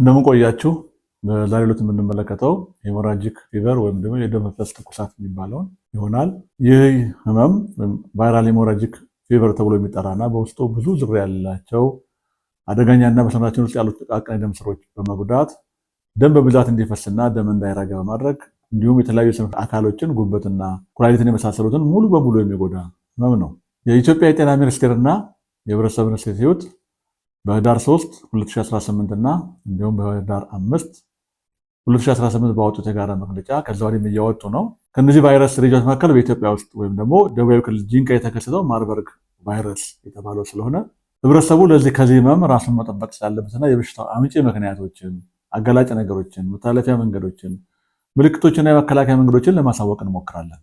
እንደምንቆያችሁ ዛሬ በዛሬው የምንመለከተው ሄሞራጂክ ፊቨር ወይም ደግሞ የደም መፍሰስ ትኩሳት የሚባለውን ይሆናል። ይህ ህመም ቫይራል ሄሞራጂክ ፊቨር ተብሎ የሚጠራና በውስጡ ብዙ ዝር ያላቸው አደገኛና በሰውነታችን ውስጥ ያሉት ጥቃቅን የደም ስሮች በመጉዳት ደም በብዛት እንዲፈስና ደም እንዳይራጋ በማድረግ እንዲሁም የተለያዩ የሰውነት አካሎችን ጉበትና ኩላሊትን የመሳሰሉትን ሙሉ በሙሉ የሚጎዳ ህመም ነው። የኢትዮጵያ የጤና ሚኒስቴርና የህብረተሰብ ኢንስቲትዩት በህዳር 3 2018 እና እንዲሁም በህዳር 5 2018 ባወጡት የጋራ መግለጫ ከዛ ወዲህም እያወጡ ነው። ከነዚህ ቫይረስ ዝርያዎች መካከል በኢትዮጵያ ውስጥ ወይም ደግሞ ደቡብ ክልል ጂንካ የተከሰተው ማርበርግ ቫይረስ የተባለው ስለሆነ ህብረተሰቡ ለዚህ ከዚህ ህመም ራሱን መጠበቅ ስላለበትና የበሽታው አምጪ ምክንያቶችን፣ አጋላጭ ነገሮችን፣ መተላለፊያ መንገዶችን፣ ምልክቶችና የመከላከያ መንገዶችን ለማሳወቅ እንሞክራለን።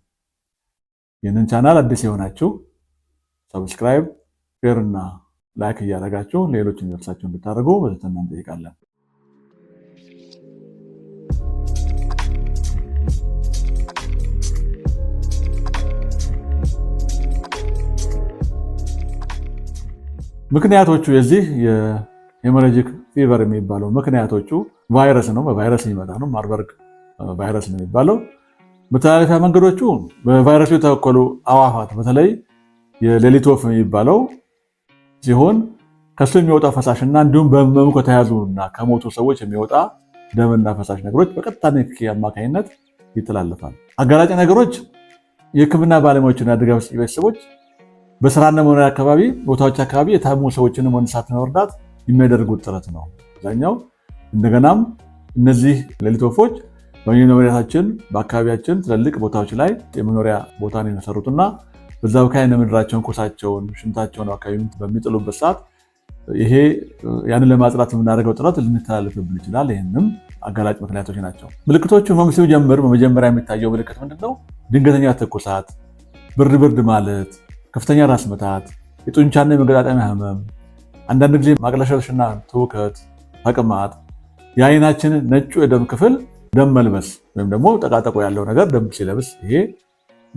ይህንን ቻናል አዲስ የሆናችሁ ሰብስክራይብ፣ ሼር እና ላይክ እያደረጋችሁ ሌሎች እንደርሳቸው እንድታደርጉ በትህትና እንጠይቃለን። ምክንያቶቹ የዚህ የሄሞራጂክ ፊቨር የሚባለው ምክንያቶቹ ቫይረስ ነው። በቫይረስ የሚመጣ ነው። ማርበርግ ቫይረስ ነው የሚባለው። መተላለፊያ መንገዶቹ በቫይረሱ የተወከሉ አዋፋት፣ በተለይ የሌሊት ወፍ የሚባለው ሲሆን ከሱ የሚወጣ ፈሳሽና እንዲሁም በህመሙ ከተያዙና ከሞቱ ሰዎች የሚወጣ ደምና ፈሳሽ ነገሮች በቀጥታ ንክኪ አማካኝነት ይተላለፋል። አጋላጭ ነገሮች የህክምና ባለሙያዎችና ድጋፍ መስጪ ቤተሰቦች በስራና መኖሪያ አካባቢ ቦታዎች አካባቢ የታሙ ሰዎችን እንስሳት መርዳት የሚያደርጉት ጥረት ነው። አብዛኛው እንደገናም እነዚህ ሌሊት ወፎች በመኖሪያታችን በአካባቢያችን ትልልቅ ቦታዎች ላይ የመኖሪያ ቦታን የመሰሩትና በዛ ካ ምድራቸውን ኩርሳቸውን፣ ሽንታቸውን አካባቢ በሚጥሉበት ሰዓት ይሄ ያንን ለማጽዳት የምናደርገው ጥረት ልንተላለፍብን ይችላል። ይህንም አጋላጭ ምክንያቶች ናቸው። ምልክቶቹ ህመም ሲጀምር በመጀመሪያ የሚታየው ምልክት ምንድነው? ድንገተኛ ትኩሳት፣ ብርድ ብርድ ማለት፣ ከፍተኛ ራስ ምታት፣ የጡንቻና የመገጣጠሚያ ህመም፣ አንዳንድ ጊዜ ማቅለሽለሽና ትውከት፣ ተቅማጥ፣ የአይናችን ነጩ የደም ክፍል ደም መልበስ ወይም ደግሞ ጠቃጠቆ ያለው ነገር ደም ሲለብስ ይሄ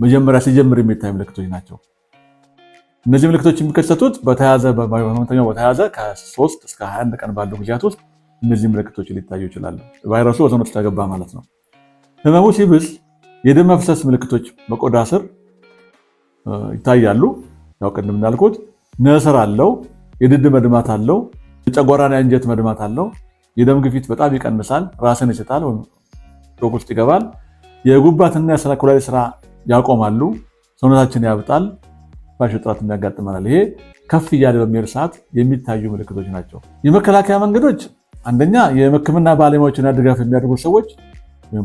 መጀመሪያ ሲጀምር የሚታይ ምልክቶች ናቸው። እነዚህ ምልክቶች የሚከሰቱት በተያዘ በህመምተኛው በተያዘ ከ3 እስከ 21 ቀን ባለው ጊዜያት ውስጥ እነዚህ ምልክቶች ሊታዩ ይችላሉ። ቫይረሱ ወሰኖች ተገባ ማለት ነው። ህመሙ ሲብስ የደም መፍሰስ ምልክቶች በቆዳ ስር ይታያሉ። ያው ቅድም እንዳልኩት ነስር አለው፣ የድድ መድማት አለው፣ የጨጓራና የአንጀት መድማት አለው፣ የደም ግፊት በጣም ይቀንሳል፣ ራስን ይስታል፣ ዶክ ውስጥ ይገባል። የጉባትና የኩላሊት ስራ ያቆማሉ። ሰውነታችን ያብጣል፣ ፋሽ እጥረት የሚያጋጥመናል። ይሄ ከፍ እያለ በሚሄድ ሰዓት የሚታዩ ምልክቶች ናቸው። የመከላከያ መንገዶች አንደኛ የሕክምና ባለሙያዎችና ድጋፍ የሚያደርጉ ሰዎች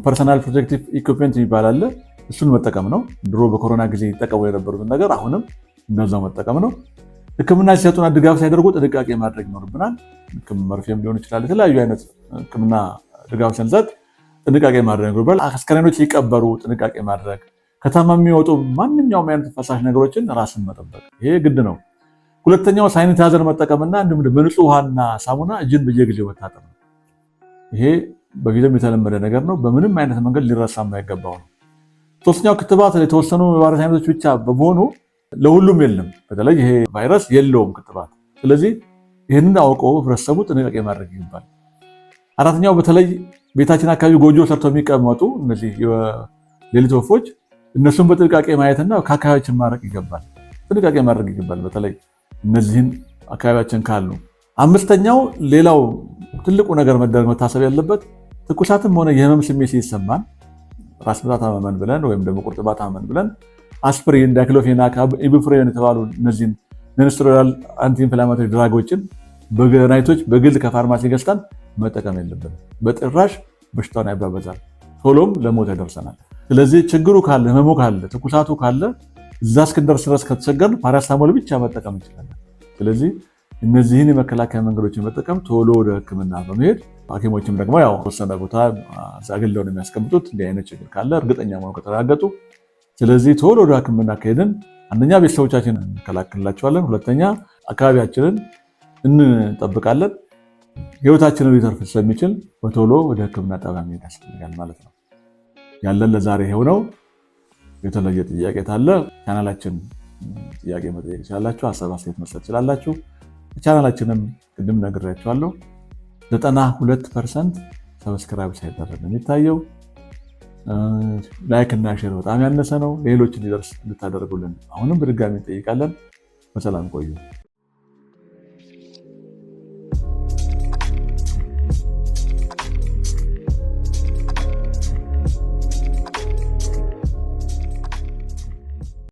ፐርሰናል ፕሮቴክቲቭ ኢኩፕመንት የሚባል አለ። እሱን መጠቀም ነው። ድሮ በኮሮና ጊዜ ይጠቀሙ የነበሩትን ነገር አሁንም እንደዛው መጠቀም ነው። ሕክምና ሲሰጡና ድጋፍ ሲያደርጉ ጥንቃቄ ማድረግ ይኖርብናል። መርፌም ሊሆን ይችላል። የተለያዩ አይነት ሕክምና ድጋፍ ስንሰጥ ጥንቃቄ ማድረግ ይኖርብናል። አስከሬኖች ሊቀበሩ ጥንቃቄ ማድረግ ከተማ የሚወጡ ማንኛውም አይነት ፈሳሽ ነገሮችን ራስን መጠበቅ ይሄ ግድ ነው። ሁለተኛው ሳይኒታይዘር መጠቀምና እንዲሁም በንጹህ ውሃና ሳሙና እጅን በየጊዜው መታጠብ ነው። ይሄ በፊትም የተለመደ ነገር ነው። በምንም አይነት መንገድ ሊረሳ የማይገባው ነው። ሶስተኛው ክትባት የተወሰኑ የቫይረስ አይነቶች ብቻ በመሆኑ ለሁሉም የለም። በተለይ ይሄ ቫይረስ የለውም ክትባት። ስለዚህ ይህንን አውቀ ህብረተሰቡ ጥንቃቄ ማድረግ ይባል። አራተኛው በተለይ ቤታችን አካባቢ ጎጆ ሰርተው የሚቀመጡ እነዚህ ሌሊት ወፎች እነሱን በጥንቃቄ ማየትና ከአካባቢዎችን ማድረግ ይገባል። ጥንቃቄ ማድረግ ይገባል። በተለይ እነዚህን አካባቢያችን ካሉ። አምስተኛው ሌላው ትልቁ ነገር መደረግ መታሰብ ያለበት ትኩሳትም ሆነ የህመም ስሜት ሲሰማን ራስ ምታት አመመን ብለን ወይም ደግሞ ቁርጥማት አመመን ብለን አስፕሪን፣ ዳይክሎፌናክ፣ ኢቡፕሮፌን የተባሉ እነዚህን ነንስትሮዳል አንቲኢንፍላማቶሪ ድራጎችን በገናይቶች በግል ከፋርማሲ ገዝተን መጠቀም የለብን። በጭራሽ በሽታውን ያባበዛል፣ ቶሎም ለሞት ያደርሰናል። ስለዚህ ችግሩ ካለ ህመሙ ካለ ትኩሳቱ ካለ እዛ እስክንደርስ ድረስ ከተቸገርን ፓራስታሞል ብቻ መጠቀም እንችላለን። ስለዚህ እነዚህን የመከላከያ መንገዶችን መጠቀም ቶሎ ወደ ህክምና በመሄድ ሐኪሞችም ደግሞ ያው ወሰነ ቦታ አግለው ነው የሚያስቀምጡት። እንዲህ አይነት ችግር ካለ እርግጠኛ መሆኑ ከተረጋገጡ፣ ስለዚህ ቶሎ ወደ ህክምና ከሄድን አንደኛ ቤተሰቦቻችን እንከላከልላቸዋለን፣ ሁለተኛ አካባቢያችንን እንጠብቃለን። ህይወታችንን ሊተርፍ ስለሚችል በቶሎ ወደ ህክምና ጣቢያ መሄድ ያስፈልጋል ማለት ነው። ያለን ለዛሬ ነው። የተለየ ጥያቄ ታለ ቻናላችን ጥያቄ መጠየቅ ይችላላችሁ። ሀሳብ አስተያየት መስጠት ይችላላችሁ። ቻናላችንም ቅድም ነግሬያችኋለሁ፣ ዘጠና ሁለት ፐርሰንት ሰብስክራይብ ሳይደረግ የሚታየው ላይክ እና ሼር በጣም ያነሰ ነው። ሌሎች እንዲደርስ እንድታደርጉልን አሁንም በድጋሚ እንጠይቃለን። በሰላም ቆዩ።